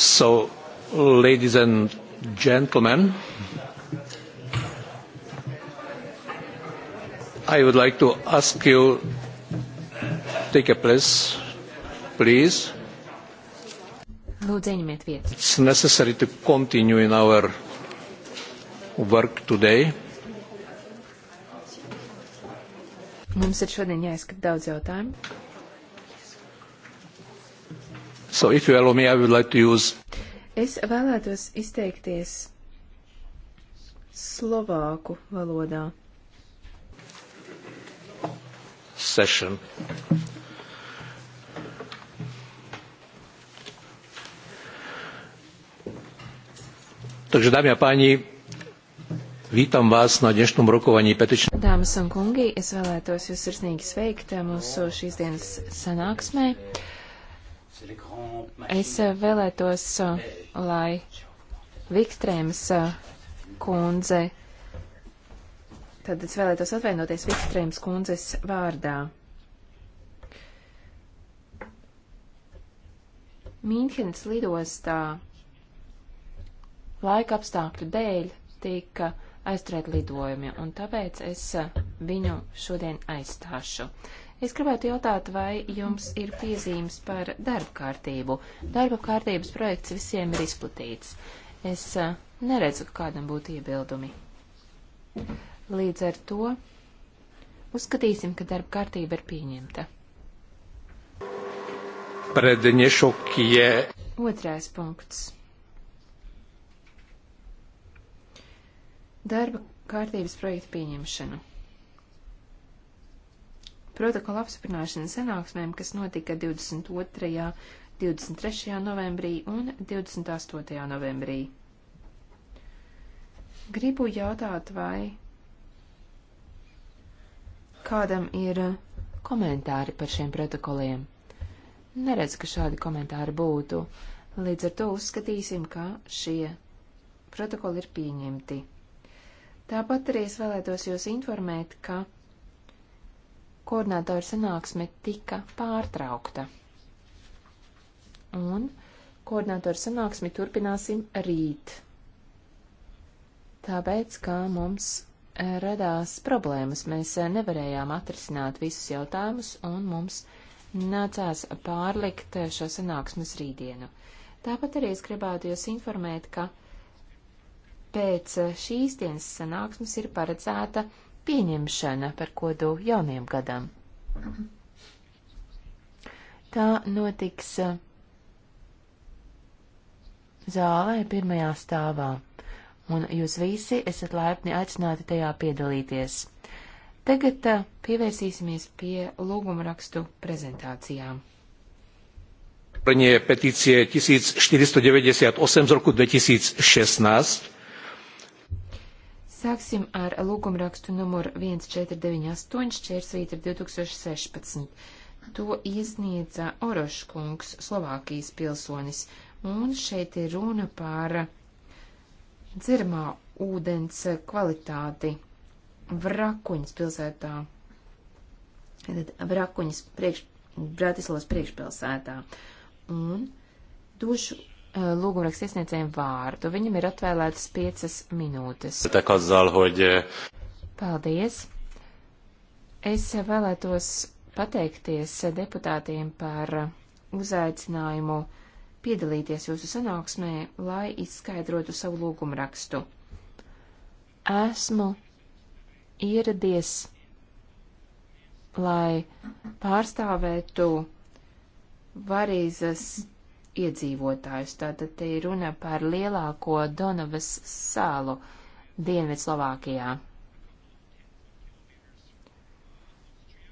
So, ladies and gentlemen, I would like to ask you take a place, please. Lūdzu, ieņemiet vietu. It's necessary to continue in our work today. Mums ir šodien jāizskat daudz jautājumu. So if you allow me, I would like to use. Es vēlētos izteikties slovāku valodā. Session. Takže, dámy a páni, Vítam vás na dnešnom rokovaní petičnej. Dāmas un kungi, es vēlētos jūs sirsnīgi sveikt mūsu šīs dienas sanāksmē. Es eh, vēlētos, eh, lai Vikstrēms eh, kundze, tad es vēlētos atvainoties Vikstrēms kundzes vārdā. Mīnhenes lidostā laika apstākļu dēļ tika aizturēt lidojumi, un tāpēc es viņu šodien aizstāšu. Es gribētu jautāt, vai jums ir piezīmes par darba kārtību. Darba kārtības projekts visiem ir izplatīts. Es a, eh, neredzu, ka kādam būtu iebildumi. Līdz ar to uzskatīsim, ka darba kārtība ir pieņemta. Predņešokie. Otrais punkts. Darba kārtības projekta pieņemšanu protokola apstiprināšanas sanāksmēm, kas notika 22., 23. novembrī un 28. novembrī. Gribu jautāt, vai kādam ir komentāri par šiem protokoliem. Neredz, ka šādi komentāri būtu. Līdz ar to uzskatīsim, ka šie protokoli ir pieņemti. Tāpat arī es vēlētos jūs informēt, ka koordinātoru sanāksme tika pārtraukta. Un koordinātoru sanāksmi turpināsim rīt. Tāpēc, kā mums radās problēmas, mēs nevarējām atrisināt visus jautājumus un mums nācās pārlikt šo sanāksmes rītdienu. Tāpat arī es gribētu jūs informēt, ka pēc šīs dienas sanāksmes ir paredzēta pieņemšana par kodu jauniem gadam. Tā notiks uh, zālē pirmajā stāvā, un jūs visi esat laipni aicināti tajā piedalīties. Tagad uh, pievērsīsimies pie lūguma rakstu prezentācijām. Petície 1498 z roku 2016 Sāksim ar lūgumrakstu numuru 1498 šķērsvīta 2016. To iesniedza Oroškungs, Slovākijas pilsonis, un šeit ir runa par dzirmā ūdens kvalitāti Vrakuņas pilsētā. Tad Vrakuņas priekš, Bratislavas priekšpilsētā. Un došu Uh, lūgumraksta iesniedzējiem vārdu. Viņam ir atvēlētas piecas minūtes. Eh, Paldies! Es vēlētos pateikties deputātiem par uzaicinājumu piedalīties jūsu sanāksmē, lai izskaidrotu savu lūgumrakstu. Esmu ieradies, lai pārstāvētu Varīzas iedzīvotājus. Tātad te ir runa par lielāko Donavas salu Dienvidslovākijā.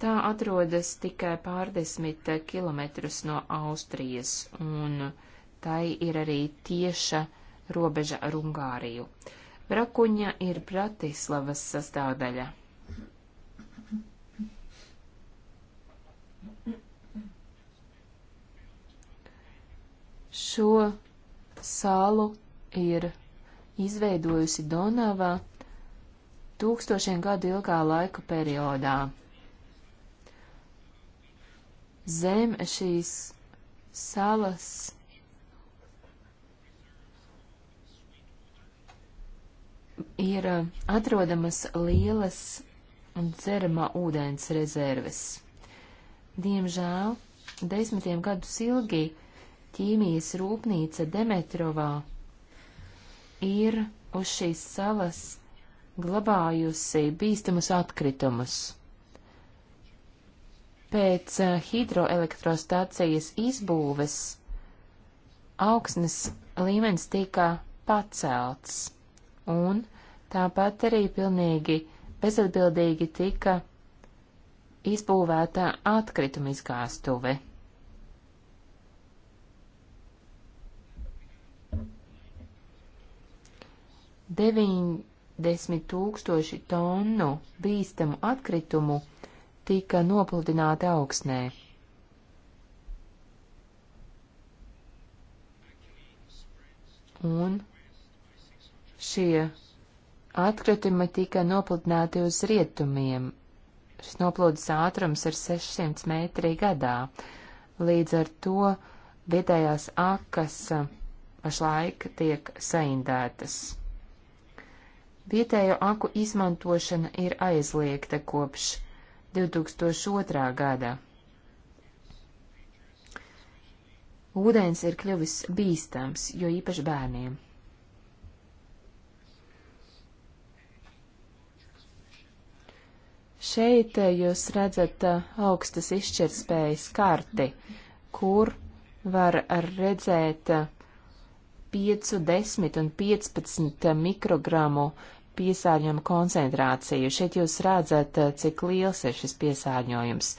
Tā atrodas tikai pārdesmit kilometrus no Austrijas, un tai ir arī tieša robeža ar Ungāriju. Brakuņa ir Bratislavas sastāvdaļa. Šo salu ir izveidojusi Donava tūkstošiem gadu ilgā laika periodā. Zem šīs salas ir atrodamas lielas dzeramā ūdens rezerves. Diemžēl desmitiem gadus ilgi ķīmijas rūpnīca Demetrovā ir uz šīs salas glabājusi bīstamus atkritumus. Pēc eh, hidroelektrostācijas izbūves augsnes līmenis tika pacelts, un tāpat arī pilnīgi bezatbildīgi tika izbūvēta atkrituma izgāstuve. 90 tūkstoši tonu bīstamu atkritumu tika nopludināti augsnē. Un šie atkritumi tika nopludināti uz rietumiem. Šis noplūdes ātrums ir 600 metri gadā. Līdz ar to vietējās akas pašlaik tiek saindētas. Vietējo aku izmantošana ir aizliegta kopš 2002. gadā. Ūdens ir kļuvis bīstams, jo īpaši bērniem. Šeit eh, jūs redzat eh, augstas izšķirtspējas karti, kur var redzēt 5, eh, 10 un 15 mikrogramu uh, piesārņojuma koncentrāciju. Šeit jūs redzat, eh, cik liels ir šis piesārņojums.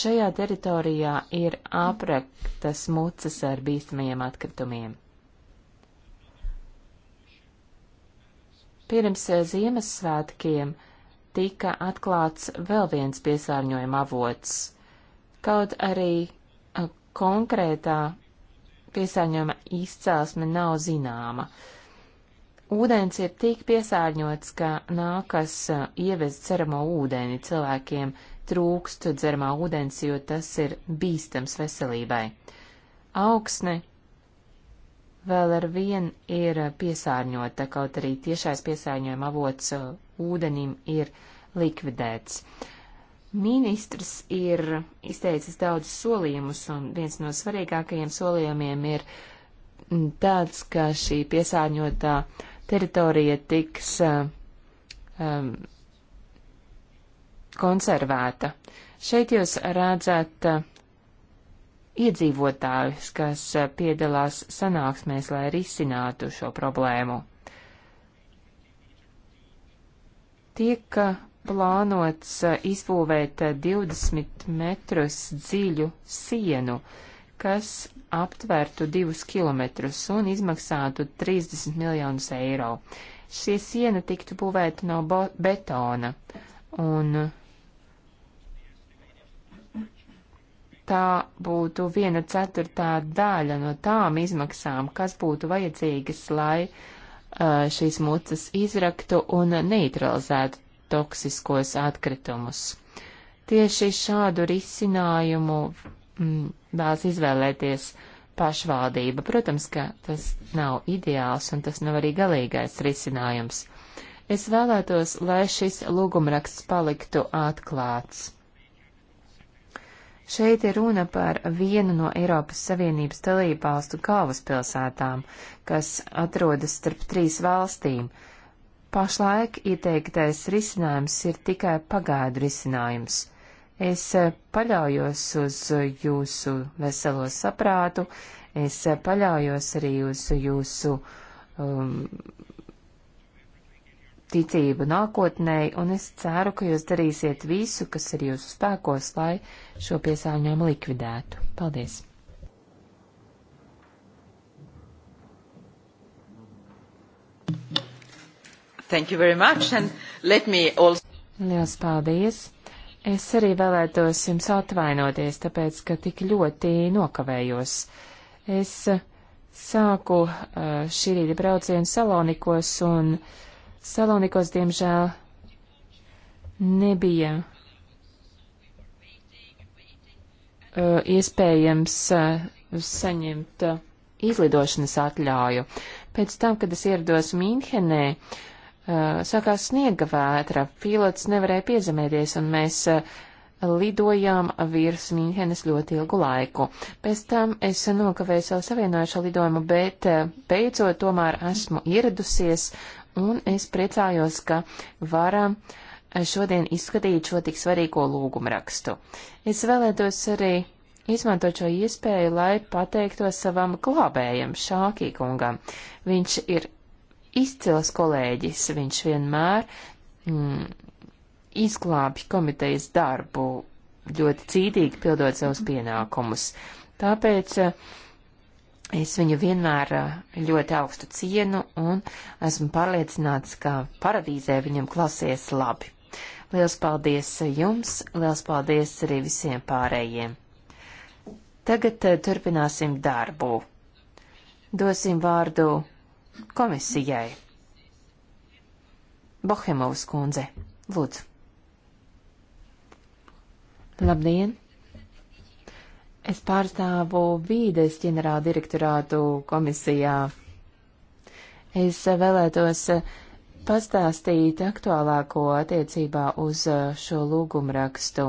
Šajā teritorijā ir aprektas mucas ar bīstamajiem atkritumiem. Pirms eh, Ziemassvētkiem tika atklāts vēl viens piesārņojuma avots. Kaut arī eh, konkrētā piesārņojuma izcelsme nav zināma. Uh, ūdens ir tik piesārņots, ka nākas ievest dzeramo ūdeni cilvēkiem trūkst dzeramā ūdens, jo tas ir bīstams veselībai. Augsne vēl ar vien ir piesārņota, kaut arī tiešais piesārņojuma avots ūdenim ir likvidēts. Ministrs ir izteicis daudz solījumus, un viens no svarīgākajiem solījumiem ir tāds, ka šī piesārņotā uh, teritorija tiks um, konservēta. Šeit jūs redzat uh, iedzīvotājus, kas uh, piedalās sanāksmēs, lai risinātu šo problēmu. Tiek uh, plānots izbūvēt 20 metrus dziļu sienu, uh, kas aptvērtu divus kilometrus un izmaksātu 30 miljonus eiro. Šie siena tiktu būvēta no betona un tā būtu viena ceturtā daļa no tām izmaksām, kas būtu vajadzīgas, lai uh, šīs mucas izraktu un neutralizētu toksiskos atkritumus. Tieši šādu risinājumu mm, vēlas izvēlēties pašvaldība. Protams, ka tas nav ideāls un tas nav arī galīgais risinājums. Es vēlētos, lai šis lūgumraksts paliktu atklāts. Šeit ir runa par vienu no Eiropas Savienības dalībvalstu galvaspilsētām, kas atrodas starp trīs valstīm. Pašlaik ieteiktais risinājums ir tikai pagaidu risinājums. Es e, paļaujos uz jūsu veselo saprātu, es e, paļaujos arī uz jūsu um, ticību nākotnē, un es ceru, ka jūs darīsiet visu, kas ir jūsu spēkos, lai šo piesārņojumu likvidētu. Paldies! Thank you very much, and let me also... Liels paldies! Es arī vēlētos jums atvainoties, tāpēc, ka tik ļoti nokavējos. Es eh, sāku eh, šī rīta braucienu Salonikos, un Salonikos, diemžēl, nebija eh, iespējams saņemt izlidošanas atļauju. Pēc tam, kad es ierados Mīnhenē, uh, Eh, sākās sniega vētra, pilots nevarēja piezemēties, un mēs eh, lidojām virs Mīnhenes ļoti ilgu laiku. Pēc tam es nokavēju savu savienojušo lidojumu, bet eh, beidzot tomēr esmu ieradusies, un es priecājos, ka varam šodien izskatīt šo tik svarīgo lūgumu rakstu. Es vēlētos arī izmantot šo iespēju, lai pateiktos savam glābējam, Šākī kungam. Viņš ir izcils kolēģis. Viņš vienmēr mm, izglābj komitejas darbu, ļoti cītīgi pildot savus mhm. pienākumus. Tāpēc eh, es viņu vienmēr eh, ļoti augstu cienu un esmu pārliecināts, ka paradīzē viņam klasies labi. Liels paldies jums, liels paldies arī visiem pārējiem. Tagad eh, turpināsim darbu. Dosim vārdu komisijai. Bohemovs kundze, lūdzu. Labdien! Es pārstāvu vīdes ģenerāla direktorātu komisijā. Es vēlētos pastāstīt aktuālāko attiecībā uz šo lūgumu rakstu.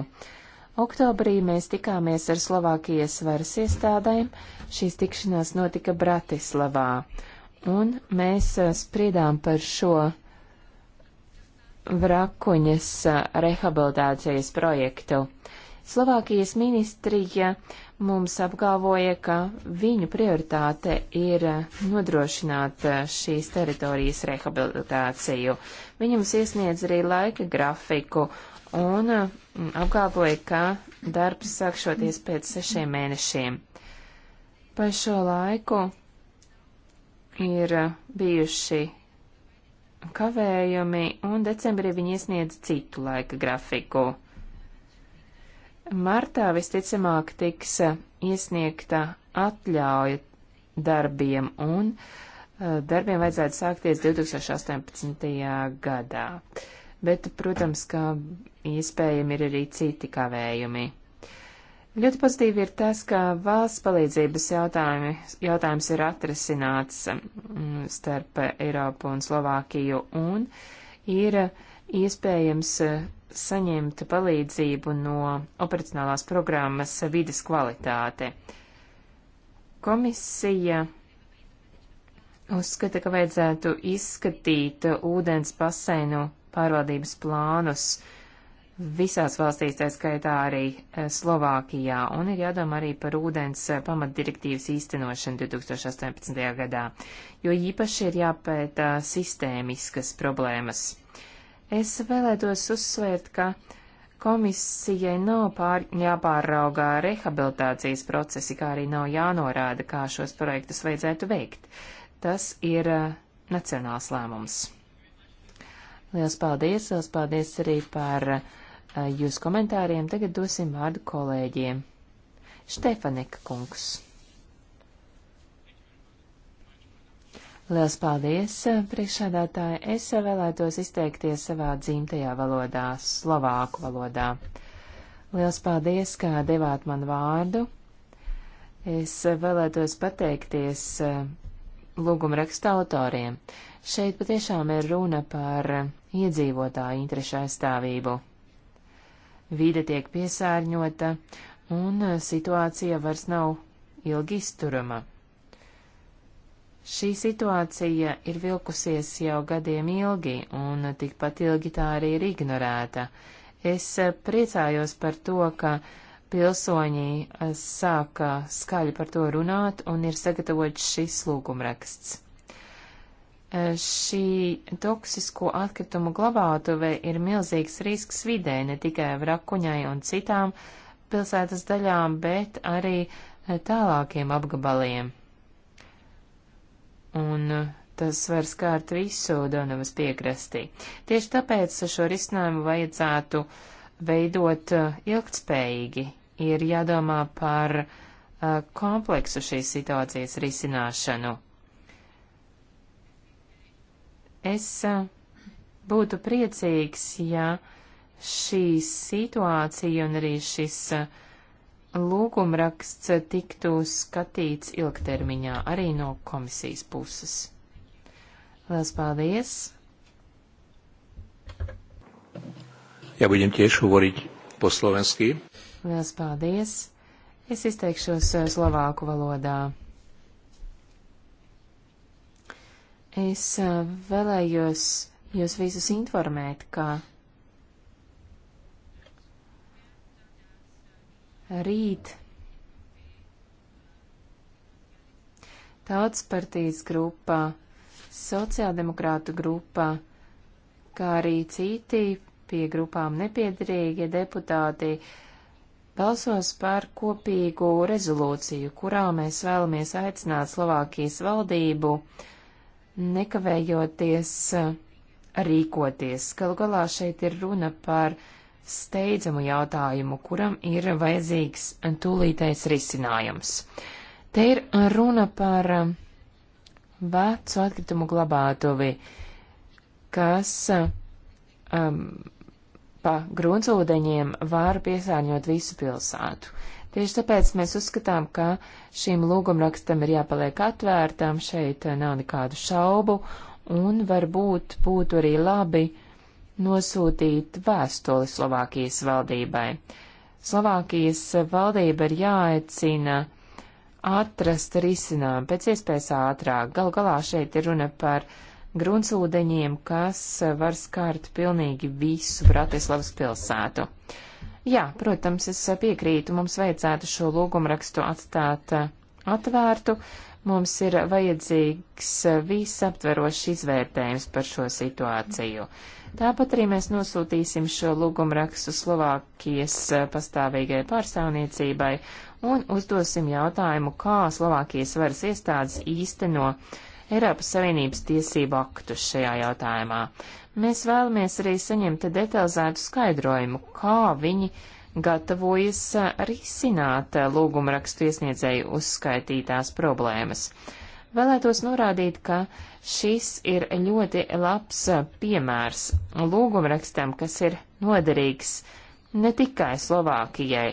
Oktobrī mēs tikāmies ar Slovākijas varas iestādēm. Šīs tikšanās notika Bratislavā. Un mēs eh, spriedām par šo vrakuņas eh, rehabilitācijas projektu. Slovākijas ministrija mums apgalvoja, ka viņu prioritāte ir eh, nodrošināt šīs teritorijas rehabilitāciju. Viņi mums iesniedz arī laika grafiku un mm, apgalvoja, ka darbs sākšoties pēc sešiem mēnešiem. Pa šo laiku ir eh, bijuši kavējumi, un decembrī viņi iesniedz citu laika grafiku. Martā visticamāk tiks eh, iesniegta atļauja darbiem, un eh, darbiem vajadzētu sākties 2018. gadā. Bet, protams, ka iespējami ir arī citi kavējumi. Ļoti pozitīvi ir tas, ka valsts palīdzības jautājums ir atrisināts mm, starp Eiropu un Slovākiju un ir iespējams e, saņemt palīdzību no operacionālās programmas vides kvalitāte. Komisija uzskata, ka vajadzētu izskatīt ūdens baseinu pārvaldības plānus, uh, visās valstīs, tā skaitā arī e, Slovākijā, un ir jādomā arī par ūdens e, pamatdirektīvas īstenošanu 2018. gadā, jo īpaši ir jāpēta sistēmiskas problēmas. Es vēlētos uzsvērt, ka komisijai nav pār, jāpārraugā rehabilitācijas procesi, kā arī nav jānorāda, kā šos projektus vajadzētu veikt. Tas ir e, nacionāls lēmums. Liels paldies, liels paldies arī par uh, Eh, jūsu komentāriem. Tagad dosim vārdu kolēģiem. Štefanika kungs. Liels paldies, eh, priekšādātāji. Es eh, vēlētos izteikties savā dzimtajā valodā, slovāku valodā. Liels paldies, kā devāt man vārdu. Es vēlētos pateikties lūguma raksta autoriem. Šeit patiešām ir runa par iedzīvotāju interešu aizstāvību vide tiek piesārņota un eh, situācija vairs nav ilgi izturama. Šī situācija ir vilkusies jau gadiem ilgi, un eh, tikpat ilgi tā arī ir ignorēta. Es eh, priecājos par to, ka pilsoņi sāka skaļi par to runāt un ir sagatavots šis lūgumraksts šī toksisko atkritumu glabātuve ir milzīgs risks vidē, ne tikai vrakuņai un citām pilsētas daļām, bet arī tālākiem apgabaliem. Un tas var skārt visu Donavas piekrastī. Tieši tāpēc šo risinājumu vajadzētu veidot uh, ilgtspējīgi. Ir jādomā par uh, kompleksu šīs situācijas risināšanu. Es būtu priecīgs, ja šī situācija un arī šis lūgumraksts tiktu skatīts ilgtermiņā arī no komisijas puses. Lielas paldies! Ja budem tiež hovoriť po slovensky. Lielas paldies! Es izteikšos slovāku valodā. Es vēlējos jūs visus informēt, ka rīt Tautas partijas grupā, sociāldemokrātu grupā, kā arī citi pie grupām nepiedarīgie deputāti balsos par kopīgu rezolūciju, kurā mēs vēlamies aicināt Slovākijas valdību uh, nekavējoties eh, rīkoties. Galu galā šeit ir runa par steidzamu jautājumu, kuram ir vajadzīgs tūlītais risinājums. Te ir runa par eh, vecu atkritumu glabātuvi, kas um, pa gruntsūdeņiem var piesārņot visu pilsētu. Tieši tāpēc mēs uzskatām, ka šīm lūgumrakstam ir jāpaliek atvērtām, šeit eh, nav nekādu šaubu, un varbūt būtu arī labi nosūtīt vēstuli Slovākijas valdībai. Slovākijas valdība ir jāaicina atrast risinājumu pēc iespējas ātrāk. Gal galā šeit ir runa par gruntsūdeņiem, kas var skārt pilnīgi visu Bratislavas pilsētu. Uh, Jā, protams, es piekrītu, mums vajadzētu šo lūgumrakstu atstāt eh, atvērtu. Mums ir vajadzīgs eh, visaptverošs izvērtējums par šo situāciju. Tāpat arī mēs nosūtīsim šo lūgumrakstu Slovākijas eh, pastāvīgai pārstāvniecībai un uzdosim jautājumu, kā Slovākijas varas iestādes īsteno Eiropas Savienības tiesību aktus šajā jautājumā. Mēs vēlamies arī saņemt detalizētu skaidrojumu, kā viņi gatavojas risināt lūgumrakstu iesniedzēju uzskaitītās problēmas. Vēlētos norādīt, ka šis ir ļoti labs piemērs lūgumrakstam, kas ir noderīgs ne tikai Slovākijai.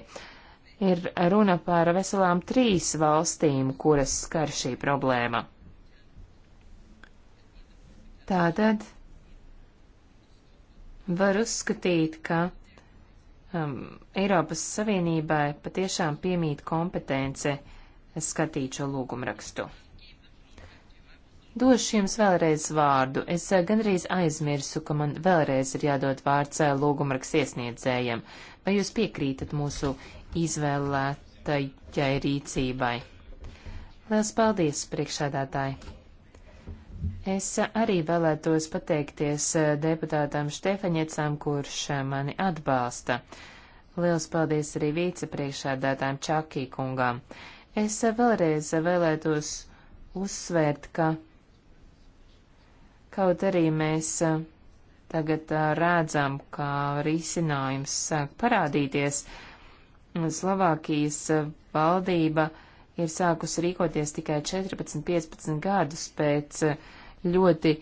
Ir runa par veselām trīs valstīm, kuras skar šī problēma. Tātad var uzskatīt, ka um, Eiropas Savienībai patiešām piemīt kompetence skatīt šo lūgumrakstu. Došu jums vēlreiz vārdu. Es uh, gandrīz aizmirsu, ka man vēlreiz ir jādod vārds uh, lūgumraks iesniedzējiem. Vai jūs piekrītat mūsu izvēlētajai rīcībai? Lielas paldies, priekšsēdētāji! Es arī vēlētos pateikties eh, deputātām Štefaņiecām, kurš eh, mani atbalsta. Liels paldies arī vicepriekšādātājiem Čakī kungām. Es eh, vēlreiz vēlētos uzsvērt, ka kaut arī mēs tagad redzam, ka risinājums sāk parādīties, Slovākijas valdība uh, ir sākusi rīkoties tikai 14-15 gadus pēc eh, ļoti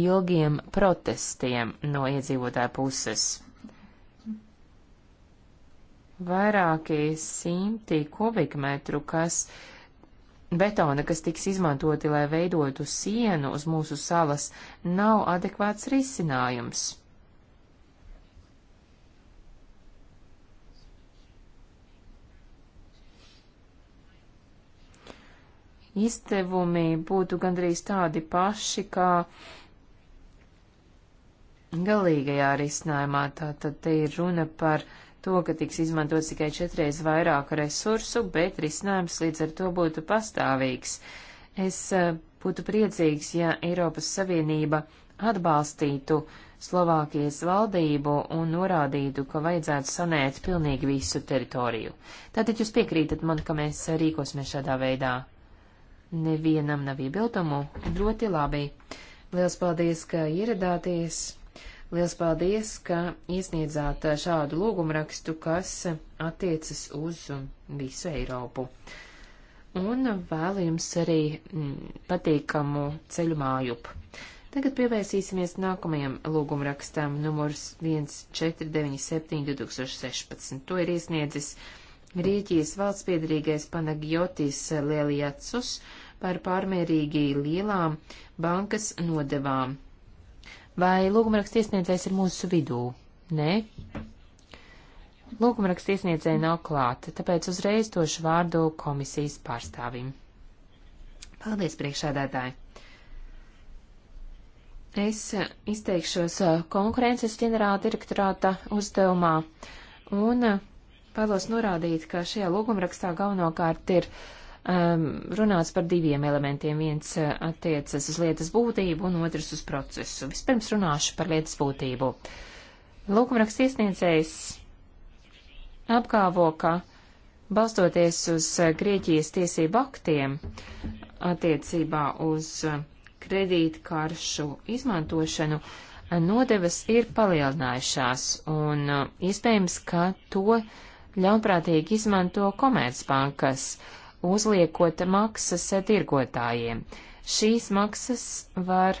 ilgiem protestiem no iedzīvotāja puses. Vairāki simti kubikmetru, kas betona, kas tiks izmantoti, lai veidotu sienu uz mūsu salas, nav adekvāts risinājums. izdevumi būtu gandrīz tādi paši, kā galīgajā risinājumā. Tātad te ir runa par to, ka tiks izmantots tikai četreiz vairāk resursu, bet risinājums līdz ar to būtu pastāvīgs. Es eh, būtu priecīgs, ja Eiropas Savienība atbalstītu Slovākijas valdību un norādītu, ka vajadzētu sanēt pilnīgi visu teritoriju. Tātad jūs piekrītat man, ka mēs eh, rīkosimies šādā veidā? Nevienam nav iebildumu. Ļoti labi. Liels paldies, ka ieradāties. Liels paldies, ka iesniedzāt šādu lūgumrakstu, kas attiecas uz visu Eiropu. Un vēlu jums arī mm, patīkamu ceļu mājup. Tagad pievērsīsimies nākamajam lūgumrakstam numurs 1497 2016. To ir iesniedzis Grieķijas valsts piedarīgais Panagiotis Lielijacus par pārmērīgi lielām bankas nodevām. Vai lūgumraksta iesniedzējs ir mūsu vidū? Nē. Lūgumraksta iesniedzēja nav klāta, tāpēc uzreiz došu vārdu komisijas pārstāvim. Paldies, priekšādātāji! Es izteikšos konkurences ģenerāla direktorāta uzdevumā un vēlos norādīt, ka šajā lūgumrakstā galvenokārt ir um, runāts par diviem elementiem. Viens uh, attiecas uz lietas būtību un otrs uz procesu. Vispirms runāšu par lietas būtību. Lūgumraksts iesniedzējs apgāvo, ka balstoties uz uh, Grieķijas tiesību aktiem attiecībā uz uh, kredītkaršu izmantošanu, nodevas ir palielinājušās un iespējams, ka to uh, ļaunprātīgi izmanto komercbankas, uzliekot maksas tirgotājiem. Šīs maksas var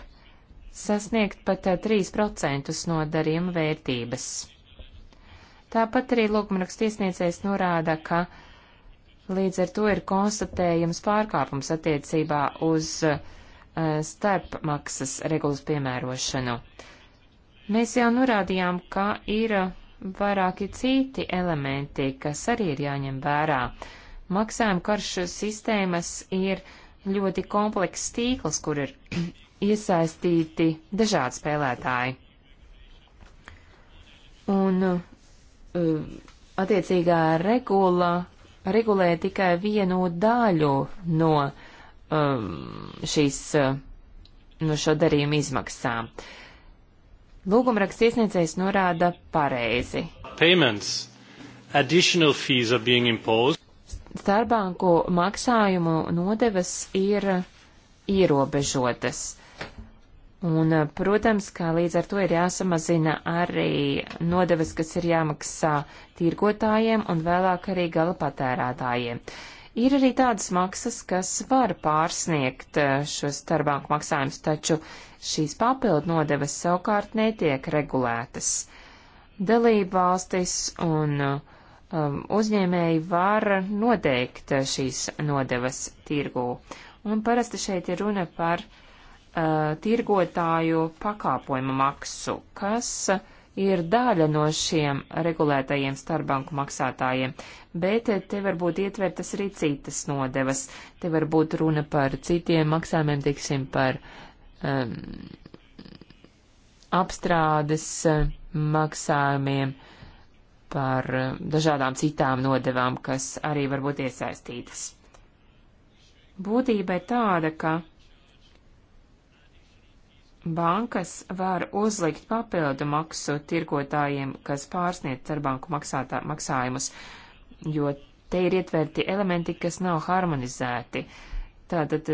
sasniegt pat 3% eh, no darījuma vērtības. Tāpat arī lūgumrakstiesniecējs norāda, ka līdz ar to ir konstatējums pārkāpums attiecībā uz uh, eh, starpmaksas regulas piemērošanu. Mēs jau norādījām, ka ir uh, vairāki citi elementi, kas arī ir jāņem vērā. Maksājuma karšu sistēmas ir ļoti komplekss tīkls, kur ir iesaistīti dažādi spēlētāji. Un uh, attiecīgā regula regulē tikai vienu daļu no um, šīs, uh, no šo darījuma izmaksām. Uh, Lūgumraksts iesniedzējs norāda pareizi. Payments. Additional fees are being imposed. Starpbanku maksājumu nodevas ir ierobežotas. Un, protams, kā līdz ar to ir jāsamazina arī nodevas, kas ir jāmaksā tirgotājiem un vēlāk arī gala patērētājiem. Ir arī tādas maksas, kas var pārsniegt eh, šos starpbanku maksājumus, taču šīs papildu nodevas savukārt netiek regulētas. Dalība valstis un um, uzņēmēji var noteikt eh, šīs nodevas tirgū. Un parasti šeit ir runa par uh, tirgotāju pakāpojumu maksu, kas uh, ir daļa no šiem regulētajiem starpbanku maksātājiem, bet te var būt ietvertas arī citas nodevas. Te var būt runa par citiem maksājumiem, tiksim, par um, apstrādes uh, maksājumiem, par uh, dažādām citām nodevām, kas arī var būt iesaistītas. Būtība ir tāda, ka bankas var uzlikt papildu maksu tirgotājiem, kas pārsniedz ar banku maksātā, maksājumus, jo te ir ietverti elementi, kas nav harmonizēti. Tātad,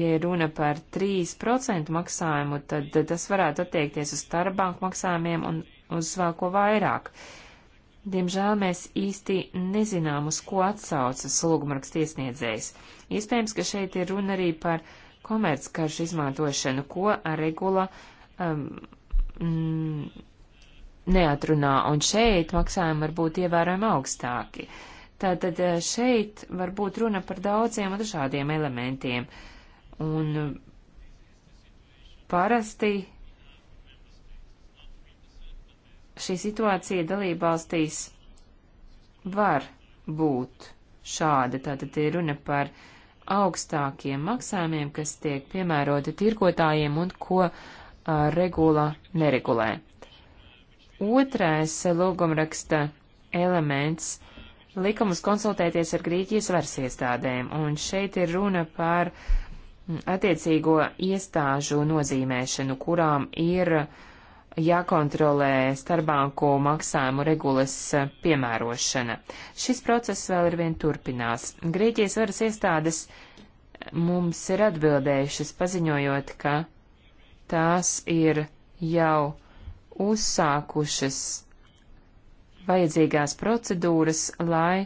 ja runa par 3% maksājumu, tad tas varētu attiekties uz starpbanku maksājumiem un uz vēl ko vairāk. Diemžēl mēs īsti nezinām, uz ko atsaucas lūgumraksts iesniedzējs. Iespējams, ka šeit ir runa arī par uh, komerckaršu izmantošanu, ko regula um, mm, neatrunā, un šeit maksājumi var būt ievērojami augstāki. Tātad eh, šeit var būt runa par daudziem un dažādiem elementiem, un parasti šī situācija dalībvalstīs var būt šāda. Tātad ir runa par uh, augstākiem maksājumiem, kas tiek piemēroti tirkotājiem un ko uh, regula neregulē. Otrais lūgumraksta elements - likumus konsultēties ar Grieķijas varas iestādēm, un šeit ir runa par mm, attiecīgo iestāžu nozīmēšanu, kurām ir uh, jākontrolē starpbanku maksājumu regulas eh, piemērošana. Šis process vēl ir vien turpinās. Grieķijas varas iestādes eh, mums ir atbildējušas paziņojot, ka tās ir jau uzsākušas vajadzīgās procedūras, lai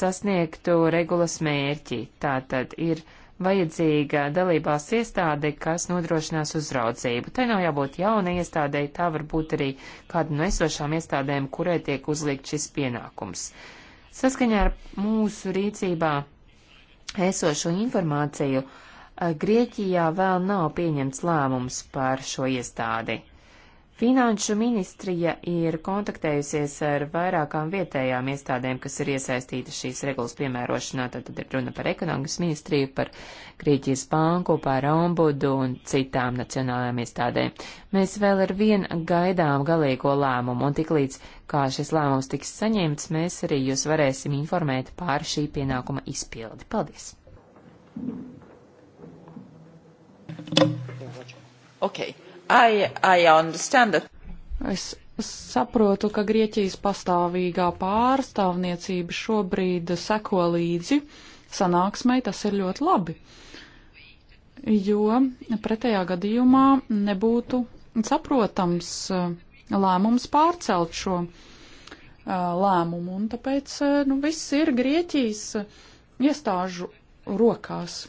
sasniegtu regulas mērķi. Tātad ir uh, vajadzīga dalībās iestāde, kas nodrošinās uzraudzību. Tai nav jābūt jauna iestādē, tā var būt arī kāda no esošām iestādēm, kurai tiek uzlikt šis pienākums. Saskaņā ar mūsu rīcībā esošo informāciju, eh, Grieķijā vēl nav pieņemts lēmums par šo iestādi. Finanšu ministrija ir kontaktējusies ar vairākām vietējām iestādēm, kas ir iesaistītas šīs regulas piemērošanā. Tad ir runa par ekonomikas ministriju, par Grieķijas banku, par ombudu un citām nacionālajām iestādēm. Mēs vēl ar vien gaidām galīgo lēmumu, un tiklīdz kā šis lēmums tiks saņemts, mēs arī jūs varēsim informēt pār šī pienākuma izpildi. Paldies! Okay. I, I understand that. Es saprotu, ka Grieķijas pastāvīgā pārstāvniecība šobrīd seko līdzi sanāksmei, tas ir ļoti labi, jo pretējā gadījumā nebūtu saprotams uh, lēmums pārcelt šo uh, lēmumu, un tāpēc uh, nu, viss ir Grieķijas iestāžu rokās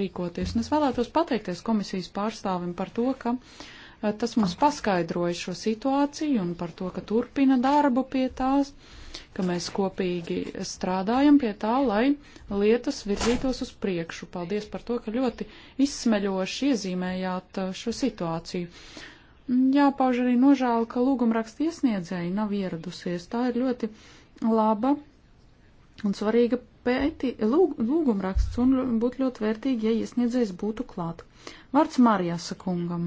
rīkoties. Un es vēlētos pateikties komisijas pārstāvim par to, ka eh, tas mums paskaidroja šo situāciju un par to, ka turpina darbu pie tās, ka mēs kopīgi strādājam pie tā, lai lietas virzītos uz priekšu. Paldies par to, ka ļoti izsmeļoši iezīmējāt eh, šo situāciju. Jāpauž arī nožēla, ka lūgumraksta iesniedzēji nav ieradusies. Tā ir ļoti laba un svarīga pēti, lūg, lūgumraksts un būtu ļoti vērtīgi, ja iesniedzējs būtu klāt. Vārds Mārijas kungam.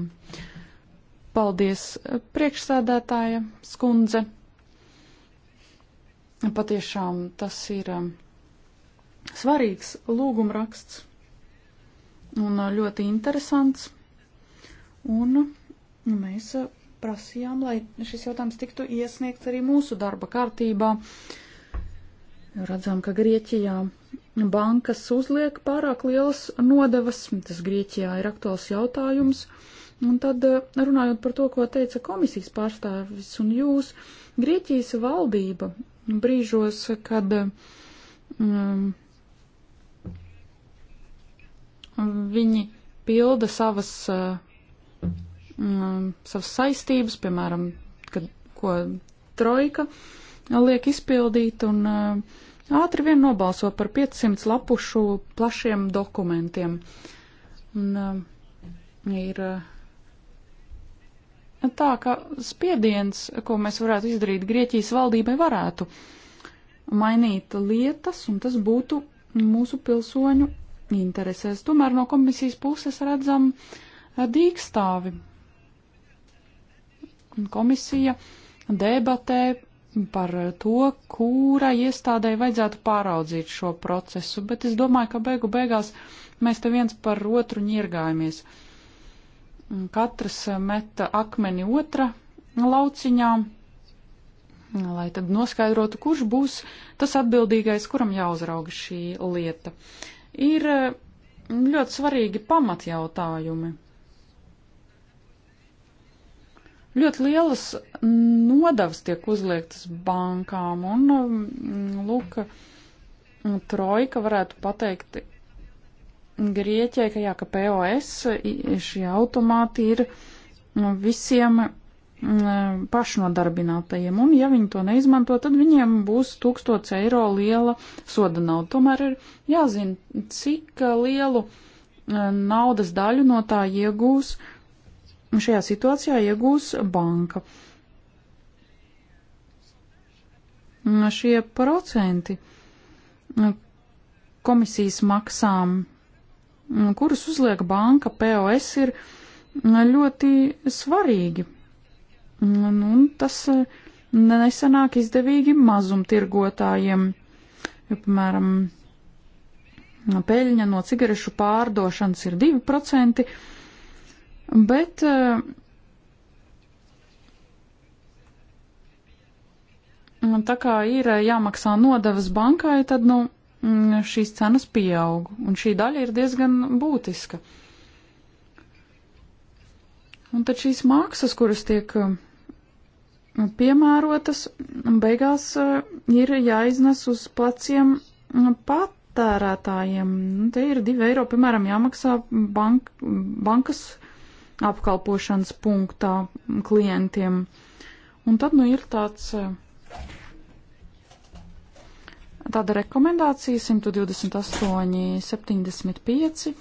Paldies, priekšsēdētāja skundze. Patiešām tas ir um, svarīgs lūgumraksts un uh, ļoti interesants. Un uh, mēs uh, prasījām, lai šis jautājums tiktu iesniegts arī mūsu darba kārtībā. Uh, Redzam, ka Grieķijā bankas uzliek pārāk lielas nodevas, tas Grieķijā ir aktuāls jautājums. Un tad eh, runājot par to, ko teica komisijas pārstāvis un jūs, Grieķijas valdība brīžos, kad um, viņi pilda savas, um, savas saistības, piemēram, kad, ko trojka uh, liek izpildīt un eh, ātri vien nobalso par 500 lapušu plašiem dokumentiem. Un, eh, ir eh, tā, ka spiediens, ko mēs varētu izdarīt Grieķijas valdībai, varētu mainīt lietas, un tas būtu mūsu pilsoņu interesēs. Tomēr no komisijas puses redzam dīkstāvi. Komisija debatē par to, kura iestādēji vajadzētu pāraudzīt šo procesu, bet es domāju, ka beigu beigās mēs te viens par otru ņirgājamies. Katrs meta akmeni otra lauciņā, lai tad noskaidrotu, kurš būs tas atbildīgais, kuram jāuzrauga šī lieta. Ir eh, ļoti svarīgi pamatjautājumi. Ļoti lielas nodavas tiek uzliektas bankām, un um, lūk, Trojka varētu pateikt Grieķijai, ka jā, ka POS šie automāti ir visiem mm, pašnodarbinātajiem, un ja viņi to neizmanto, tad viņiem būs 1000 eiro liela soda nauda. Tomēr ir jāzina, cik lielu mm, naudas daļu no tā iegūs šajā situācijā iegūs banka. Uh, Mm, šie procenti mm, komisijas maksām, mm, kuras uzliek banka POS, ir ļoti svarīgi. Un, nu, un tas nesenāk izdevīgi mazumtirgotājiem, jo, piemēram, peļņa no cigarešu pārdošanas ir 2%, bet tā kā ir eh, jāmaksā nodevas bankai, tad nu, mm, šīs cenas pieaug, un šī daļa ir diezgan būtiska. Un tad šīs mākslas, kuras tiek eh, piemērotas, beigās eh, ir jāiznes uz pleciem mm, patērētājiem. Nu, te ir divi eiro, piemēram, jāmaksā bank, bankas apkalpošanas punktā klientiem. Un tad nu ir tāds uh, tāda rekomendācija 128,75,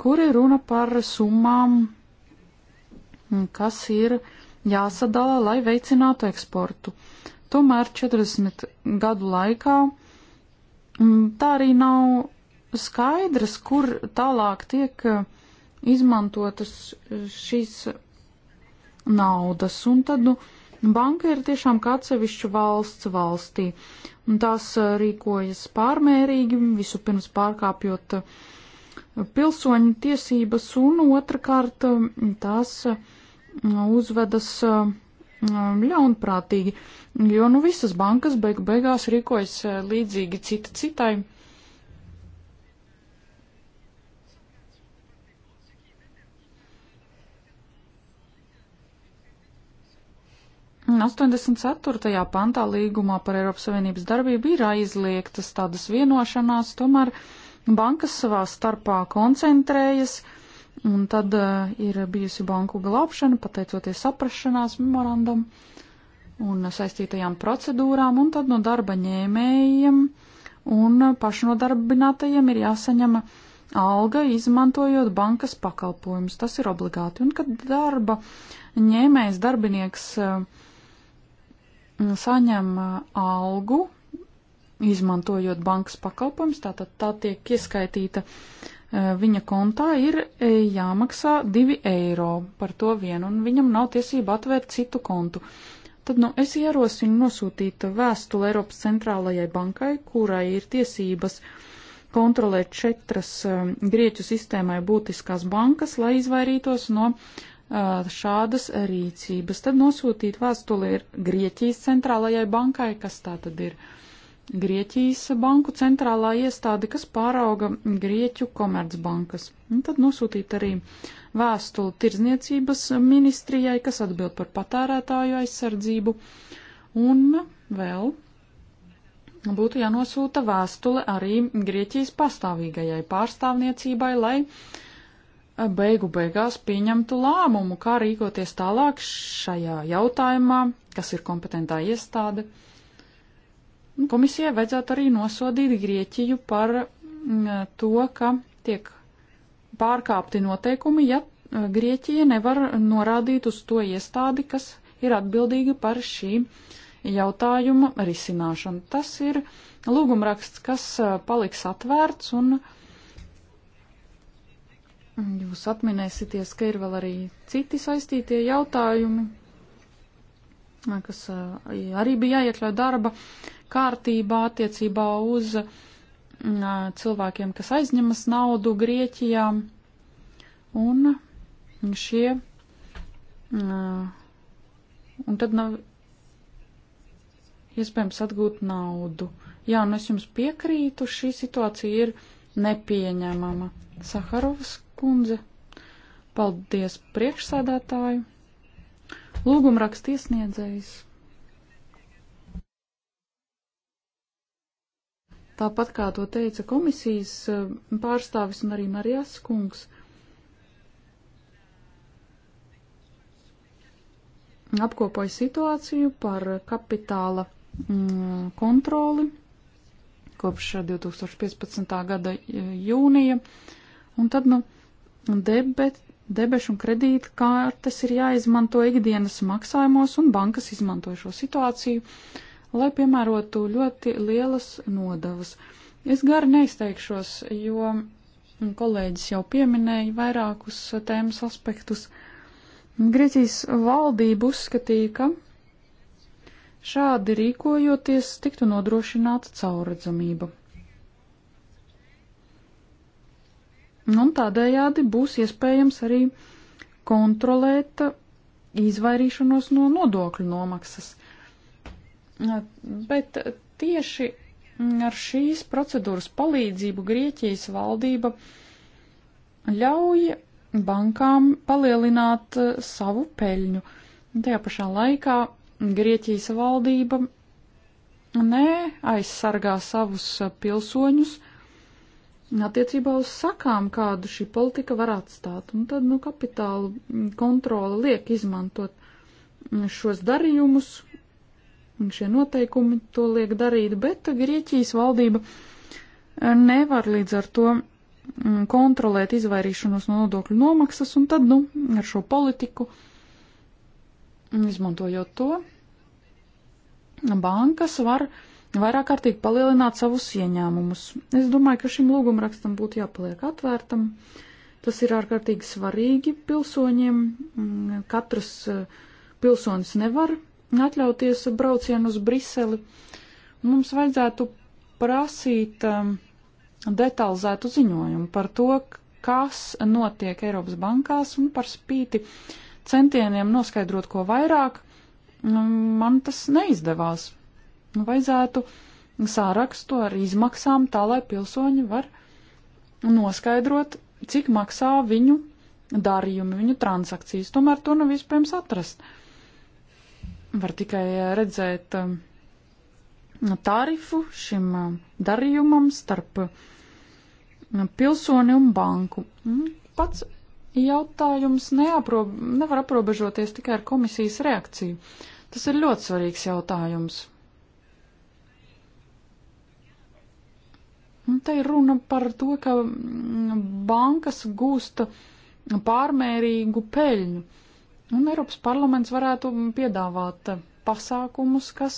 kur ir runa par summām, kas ir jāsadala, lai veicinātu eksportu. Tomēr 40 gadu laikā mm, tā arī nav skaidrs, kur tālāk tiek izmantotas šīs naudas. Un tad, nu, Banka ir tiešām kā atsevišķa valsts valstī, un tās eh, rīkojas pārmērīgi, vispirms pārkāpjot eh, pilsoņu tiesības, un otrkārt eh, tās uzvedas ļaunprātīgi, jo nu visas bankas beig beigās rīkojas līdzīgi cita citai 84. pantā līgumā par Eiropas Savienības darbību ir aizliegtas tādas vienošanās, tomēr bankas savā starpā koncentrējas, un tad uh, ir bijusi banku glābšana, pateicoties saprašanās memorandam un saistītajām procedūrām, un tad no darba ņēmējiem un pašnodarbinātajiem ir jāsaņem alga, izmantojot bankas pakalpojumus. Tas ir obligāti. Un kad darba ņēmējs darbinieks uh, saņem algu, izmantojot bankas pakalpojums, tātad tā tiek ieskaitīta viņa kontā, ir jāmaksā 2 eiro par to vienu, un viņam nav tiesība atvērt citu kontu. Tad nu, es ierosinu nosūtīt vēstuli Eiropas centrālajai bankai, kurai ir tiesības kontrolēt četras grieķu sistēmai būtiskās bankas, lai izvairītos no uh, šādas rīcības. Tad nosūtīt vēstuli ir Grieķijas centrālajai bankai, kas tā tad ir Grieķijas banku centrālā iestāde, kas pārauga Grieķu komercbankas. Un tad nosūtīt arī vēstuli tirzniecības ministrijai, kas atbild par patērētāju aizsardzību. Un vēl būtu jānosūta vēstule arī Grieķijas pastāvīgajai pārstāvniecībai, lai uh, beigu beigās pieņemtu lēmumu, kā rīkoties tālāk šajā jautājumā, kas ir kompetentā iestāde. Komisijai vajadzētu arī nosodīt Grieķiju par mm, to, ka tiek pārkāpti noteikumi, ja mm, Grieķija nevar norādīt uz to iestādi, kas ir atbildīga par šī jautājuma risināšanu. Tas ir lūgumraksts, kas mm, paliks atvērts un uh, Jūs atminēsieties, ka ir vēl arī citi saistītie jautājumi, kas eh, arī bija jāiekļauj darba kārtībā attiecībā uz eh, cilvēkiem, kas aizņemas naudu Grieķijā. Un šie. Eh, un tad nav iespējams atgūt naudu. Jā, un es jums piekrītu, šī situācija ir nepieņemama. Saharovs kundze. Paldies priekšsēdētāju. Lūgumrakst iesniedzējs. Tāpat kā to teica komisijas eh, pārstāvis un arī Marijas kungs, apkopoja situāciju par kapitāla mm, kontroli kopš 2015. Eh, gada eh, jūnija. Un tad nu, debet, debešu un kredītkartes ir jāizmanto ikdienas maksājumos, un bankas izmanto šo situāciju, lai piemērotu ļoti lielas nodavas. Es gari neizteikšos, jo kolēģis jau pieminēja vairākus tēmas aspektus. Grieķijas valdība uzskatīja, ka šādi rīkojoties tiktu nodrošināta caurredzamība. Un tādējādi būs iespējams arī kontrolēt izvairīšanos no nodokļu nomaksas. Bet tieši ar šīs procedūras palīdzību Grieķijas valdība ļauj bankām palielināt e, savu peļņu. Tajā pašā laikā Grieķijas valdība neaizsargā savus e, pilsoņus attiecībā uz sakām, kādu šī politika var atstāt. Un tad, nu, kapitāla kontrola liek izmantot mm, šos darījumus, un šie noteikumi to liek darīt, bet Grieķijas valdība eh, nevar līdz ar to mm, kontrolēt izvairīšanos no nodokļu nomaksas, un tad, nu, ar šo politiku, izmantojot to, bankas var uh, vairāk kārtīgi palielināt savus ieņēmumus. Es domāju, ka šim lūgumrakstam būtu jāpaliek atvērtam. Tas ir ārkārtīgi svarīgi pilsoņiem. Mm, katrs eh, pilsonis nevar atļauties braucienu uz Briseli. Mums vajadzētu prasīt eh, detalizētu ziņojumu par to, kas notiek Eiropas bankās un par spīti centieniem noskaidrot ko vairāk, mm, man tas neizdevās vajadzētu sārakstu ar izmaksām tā, lai pilsoņi var noskaidrot, cik maksā viņu darījumi, viņu transakcijas. Tomēr to nav iespējams atrast. Var tikai redzēt um, tarifu šim um, darījumam starp um, pilsoni un banku. Pats jautājums neapro, nevar aprobežoties tikai ar komisijas reakciju. Tas ir ļoti svarīgs jautājums. Un te ir runa par to, ka mm, bankas gūsta pārmērīgu peļņu. Un Eiropas parlaments varētu piedāvāt pasākumus, kas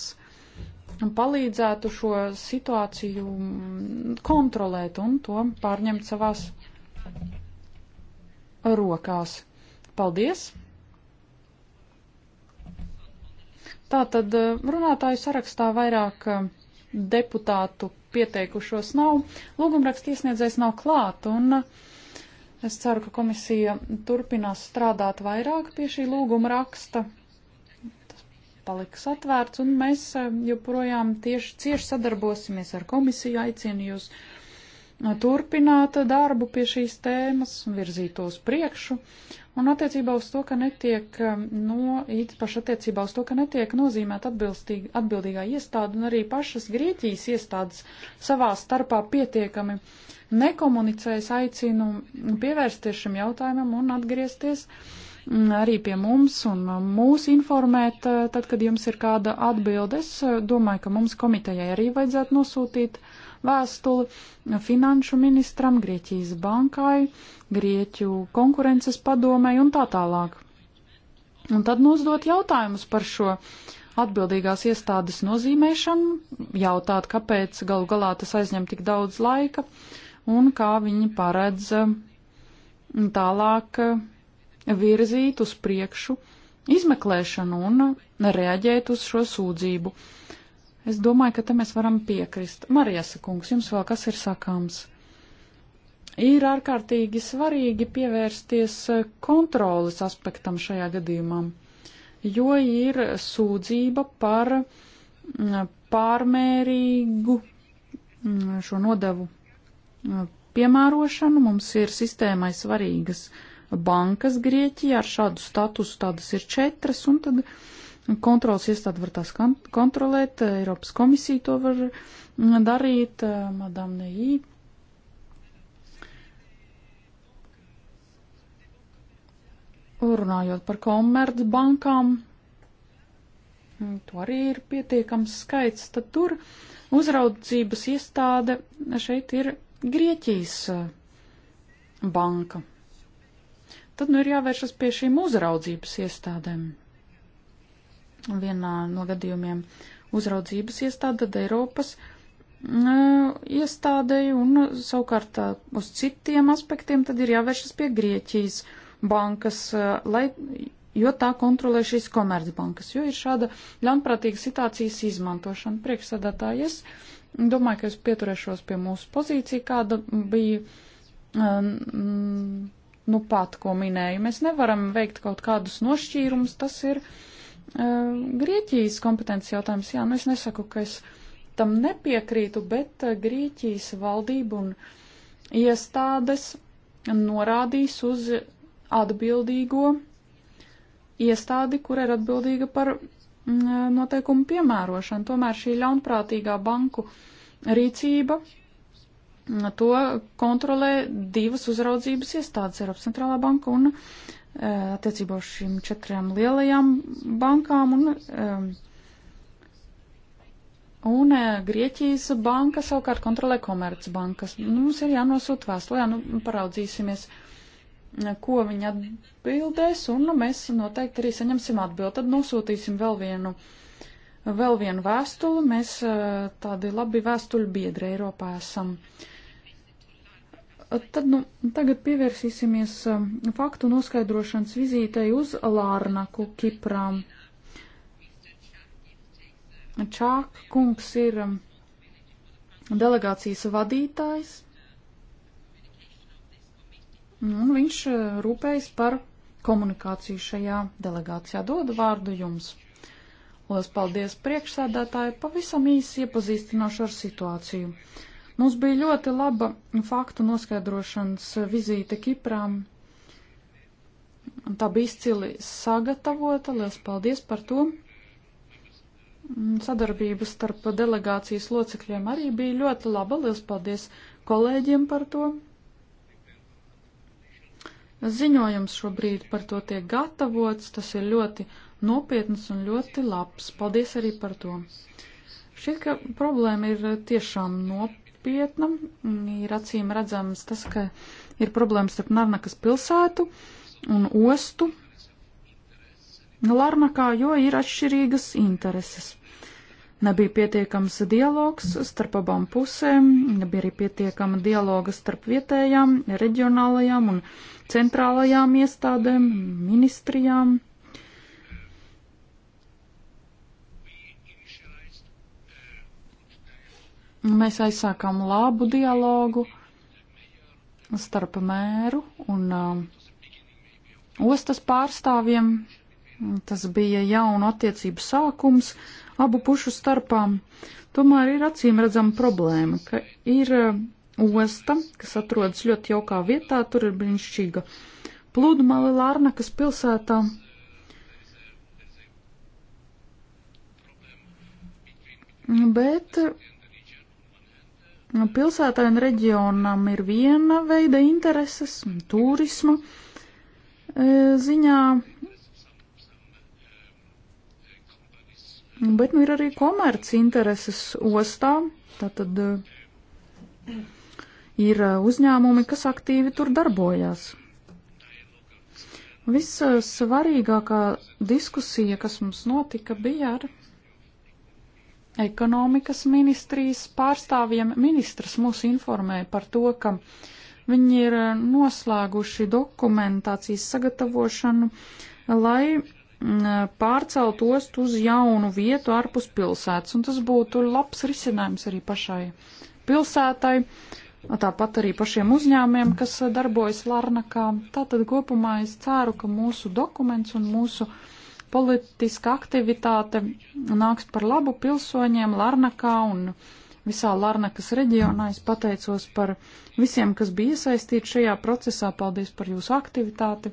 palīdzētu šo situāciju mm, kontrolēt un to pārņemt savās rokās. Paldies! Tātad mm, runātāju sarakstā vairāk deputātu pieteikušos nav, lūgumraksta iesniedzējs nav klāt, un es ceru, ka komisija turpinās strādāt vairāk pie šī lūgumraksta. Tas paliks atvērts, un mēs eh, joprojām tieši cieši sadarbosimies ar komisiju, aicinu jūs eh, turpināt darbu pie šīs tēmas un virzītos priekšu. Un attiecībā uz to, ka netiek, um, no, īpaši attiecībā uz to, ka netiek nozīmēt atbildīgā iestāde un arī pašas Grieķijas iestādes savā starpā pietiekami nekomunicējas, aicinu pievērsties šim jautājumam un atgriezties mm, arī pie mums un um, mūs informēt, uh, tad, kad jums ir kāda atbildes. Uh, domāju, ka mums komitejai arī vajadzētu nosūtīt uh, vēstuli finanšu ministram, Grieķijas bankai, Grieķu konkurences padomai un tā tālāk. Un tad uzdot jautājumus par šo atbildīgās iestādes nozīmēšanu, jautāt, kāpēc galu galā tas aizņem tik daudz laika un kā viņi paredz tālāk virzīt uz priekšu izmeklēšanu un reaģēt uz šo sūdzību. Es domāju, ka te mēs varam piekrist. Marijas kungs, jums vēl kas ir sakāms? Ir ārkārtīgi svarīgi pievērsties eh, kontrolas aspektam šajā gadījumā, jo ir sūdzība par mm, pārmērīgu mm, šo nodevu mm, piemērošanu. Mums ir sistēmai svarīgas bankas Grieķijā, ar šādu statusu tādas ir četras, un tad uh, Kontrolas iestāde var tās kontrolēt, eh, Eiropas komisija to var mm, darīt, eh, Madame Neī. Runājot par komercbankām, mm, to arī ir pietiekams skaits, tad tur uzraudzības iestāde šeit ir Grieķijas eh, banka. Tad nu ir jāvēršas pie šīm uzraudzības iestādēm. Vienā no gadījumiem uzraudzības iestāde, tad Eiropas iestādei, un savukārt uz citiem aspektiem tad ir jāvēršas pie Grieķijas bankas, lai, jo tā kontrolē šīs komercbankas, jo ir šāda ļaunprātīga situācijas izmantošana. Priekšsēdētājies, domāju, ka es pieturēšos pie mūsu pozīcija, kāda bija. Um, Nu pat, ko minēju, mēs nevaram veikt kaut kādus nošķīrumus, tas ir uh, Ehm, Grieķijas kompetences jautājums, jā, nu es nesaku, ka es tam nepiekrītu, bet eh, Grieķijas valdība un iestādes norādīs uz atbildīgo iestādi, kur ir atbildīga par mm, eh, noteikumu piemērošanu. Tomēr šī ļaunprātīgā banku rīcība mm, to kontrolē divas uzraudzības iestādes - Eiropas centrālā banka un attiecībā uz šīm četrām lielajām bankām un, um, un, un uh, Grieķijas banka savukārt kontrolē komercbankas. Nu, mums ir jānosūta vēstulē, jā, nu, paraudzīsimies, uh, ko viņi atbildēs, un nu, mēs noteikti arī saņemsim atbildi. Tad nosūtīsim vēl vienu, vēl vienu vēstuli. Mēs uh, tādi labi vēstuļu biedri Eiropā esam. Uh, Tad nu, tagad pievērsīsimies um, faktu noskaidrošanas vizītei uz Lārnaku, Kiprām. Čāk kungs ir um, delegācijas vadītājs. Un viņš uh, rūpējas par komunikāciju šajā delegācijā. Dodu vārdu jums. Lielas paldies priekšsēdētāji, pavisam īsi iepazīstināšu ar situāciju. Uh, Mums bija ļoti laba faktu noskaidrošanas vizīte Kiprām. Tā bija izcili sagatavota. Lielas paldies par to! Mm, sadarbība starp delegācijas locekļiem arī bija ļoti laba. Lielas paldies kolēģiem par to! Ziņojums šobrīd par to tiek gatavots, tas ir ļoti nopietns un ļoti labs. Paldies arī par to. Šķiet, ka problēma ir tiešām nopietna nopietna. Ir acīm redzams tas, ka ir problēmas starp Narnakas pilsētu un ostu Larnakā, jo ir atšķirīgas intereses. Nebija pietiekams dialogs starp abām pusēm, nebija arī pietiekama dialoga starp vietējām, reģionālajām un centrālajām iestādēm, ministrijām. Mēs aizsākām labu dialogu starp mēru un um, ostas pārstāvjiem. Tas bija jaunu attiecību sākums abu pušu starpā. Tomēr ir acīm redzama problēma, ka ir uh, osta, kas atrodas ļoti jaukā vietā, tur ir brīnišķīga pludmale Lārnakas pilsētā. Bet uh, Nu, pilsētai un reģionam ir viena veida intereses, turisma e, ziņā, bet nu ir arī komerci intereses ostā, tātad e, ir e, uzņēmumi, kas aktīvi tur darbojās. Vissvarīgākā diskusija, kas mums notika, bija ar ekonomikas ministrijas pārstāvjiem ministrs mūs informēja par to, ka viņi ir noslēguši dokumentācijas sagatavošanu, lai mm, pārcelt ostu uz jaunu vietu ārpus pilsētas, un tas būtu labs risinājums arī pašai pilsētai, tāpat arī pašiem uzņēmiem, kas darbojas Larnakā. Tātad kopumā es ceru, ka mūsu dokuments un mūsu uh, politiska aktivitāte nāks par labu pilsoņiem Larnakā un visā Larnakas reģionā. Es pateicos par visiem, kas bija iesaistīti šajā procesā. Paldies par jūsu aktivitāti.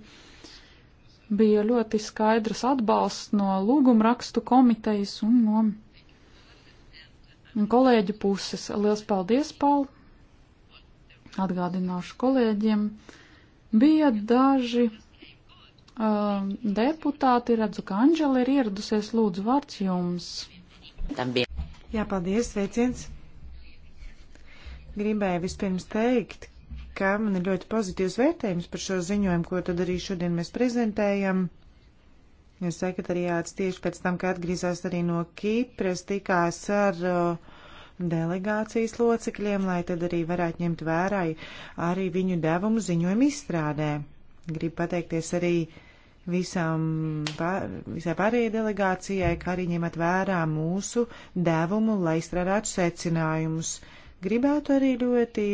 Bija ļoti skaidrs atbalsts no lūgumrakstu komitejas un no kolēģu puses. Liels paldies, Paul! Atgādināšu kolēģiem. Bija daži uh, deputāti. Redzu, ka Anģela ir ieradusies. Lūdzu, vārds jums. Jā, paldies, sveiciens. Gribēju vispirms teikt, ka man ir ļoti pozitīvs vērtējums par šo ziņojumu, ko tad arī šodien mēs prezentējam. Jo sekretariāts tieši pēc tam, kad atgriezās arī no Kīpras, tikās ar uh, delegācijas locekļiem, lai tad arī varētu ņemt vērā arī viņu devumu ziņojumu izstrādē. Gribu pateikties arī visam, pār, visai pārējai delegācijai, kā arī ņemat vērā mūsu devumu, lai izstrādātu secinājumus. Gribētu arī ļoti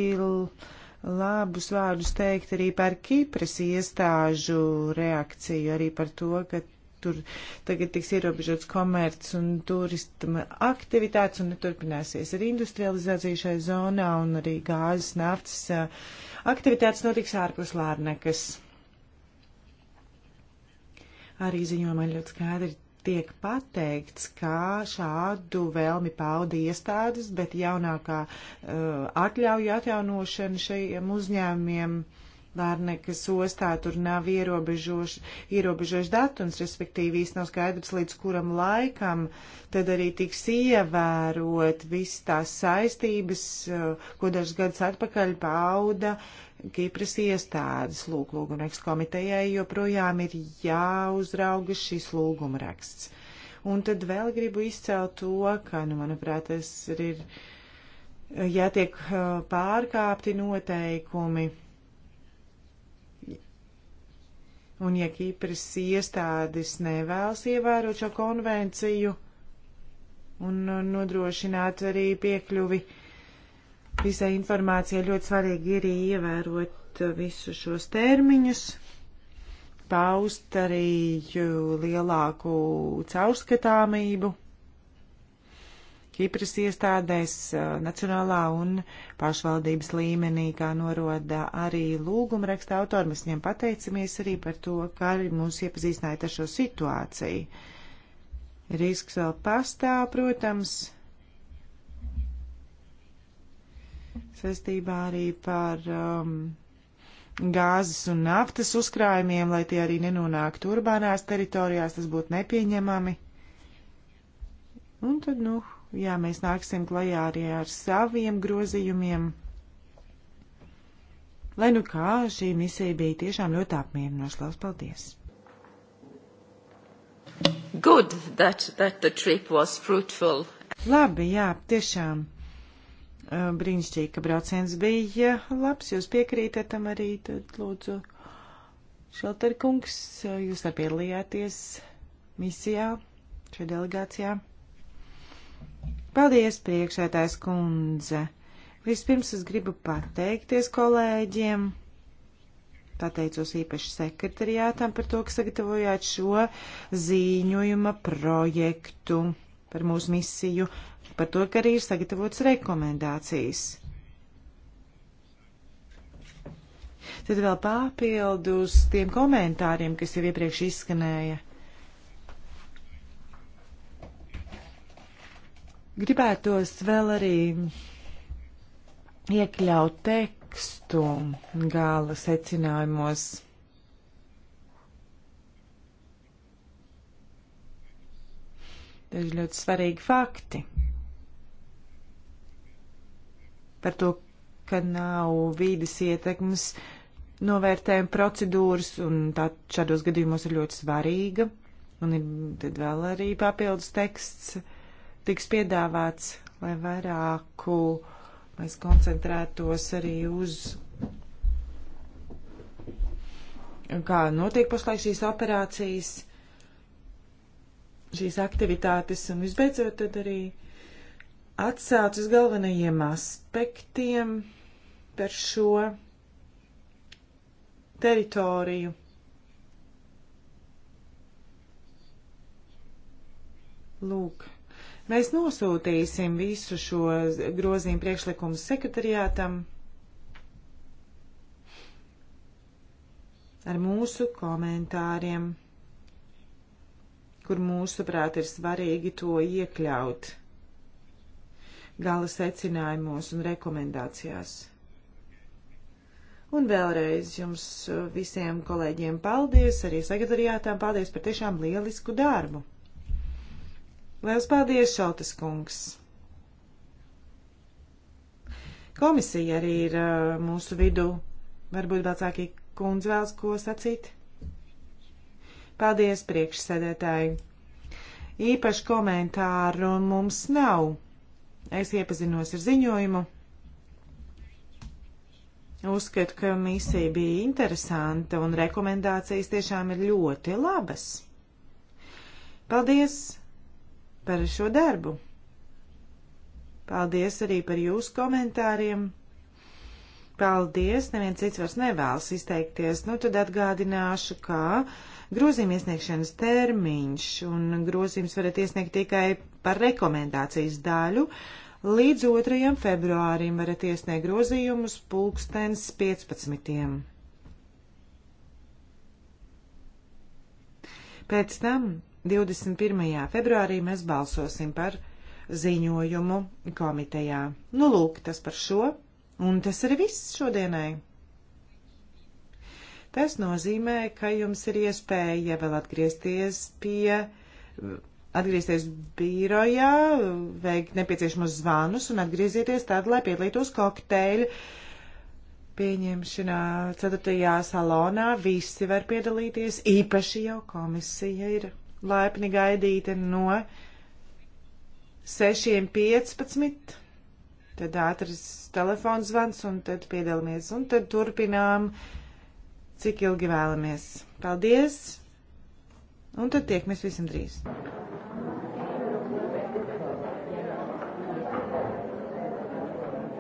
labus vārdus teikt arī par Kipras iestāžu reakciju, arī par to, ka tur tagad tiks ierobežots komerc un turistuma aktivitātes un turpināsies arī industrializācija šai zonā un arī gāzes, naftas aktivitātes notiks ārpus Lārnekas. Arī ziņojumā ļoti skaidri tiek pateikts, kā šādu vēlmi pauda iestādes, bet jaunākā uh, atļauja atjaunošana šiem uzņēmumiem Vārnekas ostā tur nav ierobežojuši datums, respektīvi īsti nav skaidrs, līdz kuram laikam tad arī tiks ievērot viss tās saistības, uh, ko dažas gadus atpakaļ pauda uh, Kipras iestādes lūk, lūgumrakstu komitejai joprojām ir jāuzrauga šis lūgumraksts. Un tad vēl gribu izcelt to, ka, nu, manuprāt, tas ir jātiek uh, pārkāpti noteikumi. Un ja Kipras iestādes nevēlas ievērot šo konvenciju un uh, nodrošināt arī piekļuvi uh, visai informācijai ļoti svarīgi ir ievērot visus šos termiņus, paust arī lielāku caurskatāmību Kipras iestādēs eh, nacionālā un pašvaldības līmenī, kā noroda arī lūguma raksta autori. Mēs viņiem pateicamies arī par to, kā arī mūs iepazīstināja ar šo situāciju. Risks vēl pastāv, protams. saistībā arī par um, gāzes un naftas uzkrājumiem, lai tie arī nenonāktu urbānās teritorijās, tas būtu nepieņemami. Un tad, nu, jā, mēs nāksim klajā arī ar saviem grozījumiem. Lai nu kā šī misija bija tiešām ļoti apmierinoša, liels paldies! Good that, that the trip was fruitful. Labi, jā, tiešām Eh, brīnišķīgi, ka brauciens bija labs, jūs piekrītat tam arī, tad lūdzu, Šelterkungs, eh, jūs arī piedalījāties misijā šajā delegācijā. Paldies, priekšētājs kundze! Vispirms es gribu pateikties kolēģiem. Pateicos īpaši sekretariātām par to, ka sagatavojāt šo ziņojuma projektu par mūsu misiju par to, ka arī ir sagatavotas rekomendācijas. Tad vēl papildus tiem komentāriem, kas jau iepriekš izskanēja. Gribētos vēl arī iekļaut tekstu gala secinājumos. Daži ļoti svarīgi fakti par to, ka nav vīdes ietekmes novērtējuma procedūras, un tā šādos gadījumos ir ļoti svarīga. Un ir, tad vēl arī papildus teksts tiks piedāvāts, lai vairāku mēs koncentrētos arī uz kā notiek pašlaik šīs operācijas, šīs aktivitātes, un visbeidzot tad arī atsauc uz galvenajiem aspektiem par šo teritoriju. Lūk, mēs nosūtīsim visu šo grozījumu priekšlikumu sekretariātam ar mūsu komentāriem, kur mūsuprāt ir svarīgi to iekļaut gala secinājumos un rekomendācijās. Un vēlreiz jums uh, visiem kolēģiem paldies, arī sekretariātām paldies par tiešām lielisku darbu. Lielas paldies, Šaltas kungs! Komisija arī ir uh, mūsu vidū. Varbūt vecākī kundze vēlas ko sacīt? Paldies, priekšsēdētāji! Īpaši komentāru mums nav. Es iepazinos ar ziņojumu. Uzskatu, ka misija bija interesanta un rekomendācijas tiešām ir ļoti labas. Paldies par šo darbu! Paldies arī par jūsu komentāriem! Paldies, neviens cits vairs nevēlas izteikties. Nu, tad atgādināšu, ka grozījuma iesniegšanas termiņš un grozījums varat iesniegt tikai par rekomendācijas daļu. Līdz 2. februārim varat iesniegt grozījumus pulkstens 15. Pēc tam 21. februārī mēs balsosim par ziņojumu komitejā. Nu, lūk, tas par šo. Un tas arī viss šodienai. Tas nozīmē, ka jums ir iespēja vēl atgriezties pie, atgriezties birojā, veikt nepieciešamos zvanus un atgriezieties tad, lai piedalītos kokteļu pieņemšanā. Ceturtajā salonā visi var piedalīties, īpaši jau komisija ir laipni gaidīta no 6.15 Tad ātrs telefons zvans un tad piedalāmies un tad turpinām, cik ilgi vēlamies. Paldies! Un tad tiekamies visam drīz!